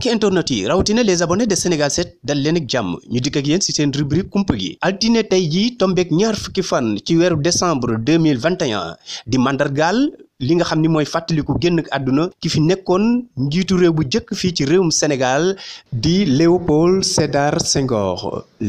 mbokki internet yi rawatina les abonnés de Sénégal 7 dal leen ak jàmm ñu dikk ak yéen ci seen rubrique kumpa gi altine tey jii tombeek ñaar fukki fan ci weeru décembre deux mille vingt 2021 di mandargaal li nga xam ni mooy fàttaliku génn àdduna ki fi nekkoon njiitu réew bu njëkk fii ci réewum Sénégal di Léopold Sédar Senghor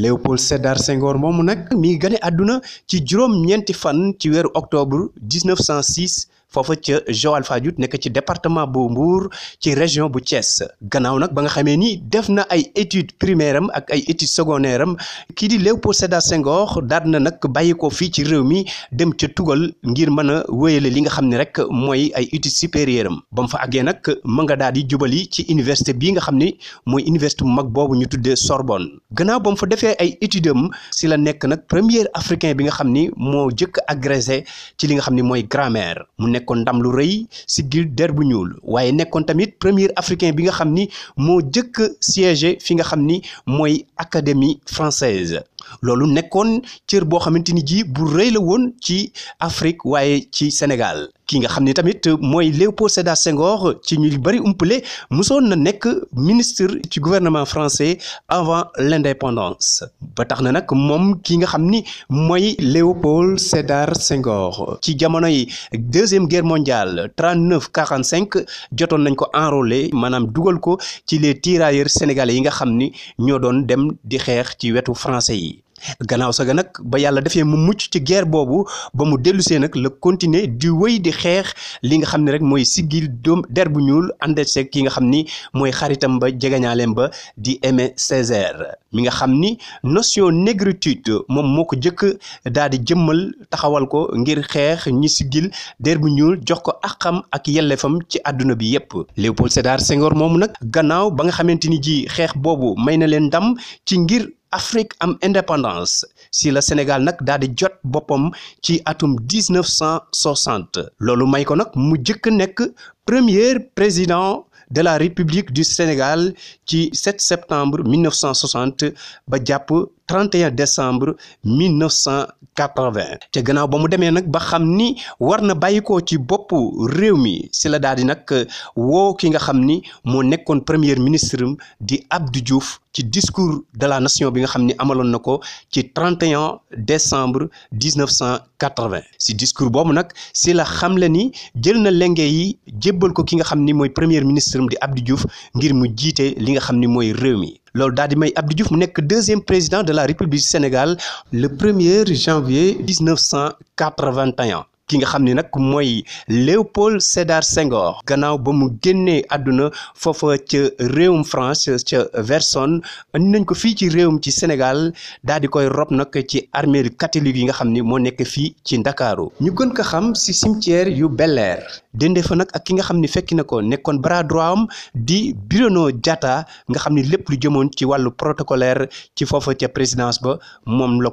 Léopold Sédar Senghor moomu nag mi ngi gane àdduna ci juróom-ñeenti fan ci weeru octobre 1906 foofa ca Joal Fadiouth nekk ci département bu Mbour ci région bu Thiès gannaaw nag ba nga xamee ni def na ay étude primaire am ak ay études secondaire am kii di Léopold Sédar Senghor daal na nag bàyyi ko fii ci réew mi dem ca tugal ngir mën a wéyale li nga xam ne rek mooy ay études supérieures am ba mu fa àggee nag mën nga daal di jubali ci université bii nga xam ni mooy université bu mag boobu ñu tuddee Sorbonne gannaaw ba fa defee ay études am si la nekk nag premier africain bi nga xam ni moo jëkk agrégé ci li nga xam ni mooy grammaire nekkoon ndam lu rëy si gil der bu ñuul waaye nekkoon tamit premier africain bi nga xam ni moo jëkk siégé fi nga xam ni mooy académie française loolu nekkoon cër boo xamante ni ji bu rëy la woon ci Afrique waaye ci Sénégal ki nga xam ni tamit mooy Léopold Sédar Senghor ci ñu bëri umpale mosoon na nekk ministre ci gouvernement français avant l'indépendance ba tax na nag moom ki nga xam ni mooy Léopold Sédar Senghor ci jamono yi deuxième guerre mondiale 39 45 jotoon nañ ko enrôler maanaam dugal ko ci les tirailleurs sénégalais yi nga xam ni ñoo doon dem di xeex ci wetu français yi gannaaw saga nag ba yàlla defee mu mucc ci guerre boobu ba mu dellusee nag la continuer di wéy di xeex li nga xam ne rek mooy siggil doom der bu ñuul ànd ki nga xam ni mooy xaritam ba jegañaaleem ba di Aimé mi nga xam ni notion négritude moom moo ko jëkk daal di jëmmal taxawal ko ngir xeex ñi siggil der bu ñuul jox ko ak xam ak yellefam ci àdduna bi yépp Léopold Sédar Senghor moomu nag gannaaw ba nga xamante ni ji xeex boobu may na leen ndam ci ngir Afrique am indépendance si la Sénégal nag daal di jot boppam ci atum 1960 loolu may ko nag mu jëkk nekk premier président de la République du Sénégal ci 7 septembre 1960 ba jàpp 31 décembre 1980 te gannaaw ba mu demee nag ba xam ni war na bàyyi bàyyikoo ci boppu réew mi si la daal di nag euh, woo ki nga xam ni moo nekkoon première ministre di Abdou Diouf ci discours de la nation bi nga xam ni amaloon na ko ci 31 décembre 1980 si discours boobu nag si la xam xamle ni jël na lenge yi jébbal ko ki nga xam ni mooy première ministre di Abdou Diouf ngir mu jiite li nga xam ni mooy réew mi loolu daal di may Abdou Diouf mu nekk deuxième président de la République du Sénégal le 1er janvier 1981 ki nga xam ni nag mooy Léopold Sédar Senghor gannaaw ba mu génnee àdduna foofa ca réewum France ca Verson andi nañ ko fii ci réewum ci Sénégal daal di koy rob nag ci armée catholique yi nga xam ni moo nekk fii ci Ndakaaru ñu gën ko xam si cimetière yu Bel Air fa nag ak ki nga xam ni fekki na ko nekkoon bras di Bruno jata nga xam ni lépp lu jëmoon ci wàllu protocolaire ci foofa ca présidence ba moom la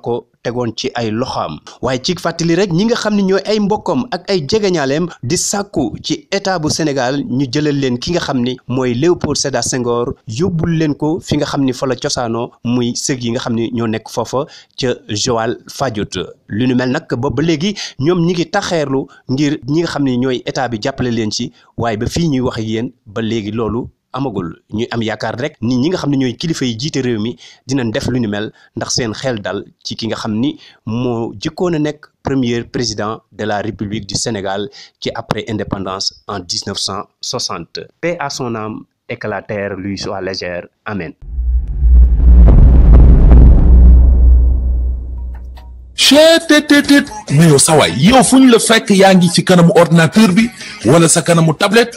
tegoon ci ay loxoom waaye ci fàttali rek ñi nga xam ne ñooy ay mbokkam ak ay jegeñaaleem di sàkku ci état bu Sénégal ñu jëlal leen ki nga xam ni mooy Léopold Sédar Senghor yóbbul leen ko fi nga xam ni fa la cosaanoo muy sëg yi nga xam ni ñoo nekk foofa ca Joal Fadiouth lu nu mel nag ba ba léegi ñoom ñi ngi taxeerlu ngir ñi nga xam ne ñooy état bi jàppale leen ci waaye ba fii ñuy wax ak yéen ba léegi loolu amagul ñuy am yaakaar rek ni ñi nga xam ne ñooy kilifa yi jiite réew mi dina def lu ñu mel ndax seen xel dal ci ki nga xam ni moo jëkkoon a nekk premier président de la République du Sénégal ci après indépendance en 1960. Paix à son âme et que la terre lui soit légère amen. yaa ngi ci kanamu ordinateur bi wala sa kanamu tablette.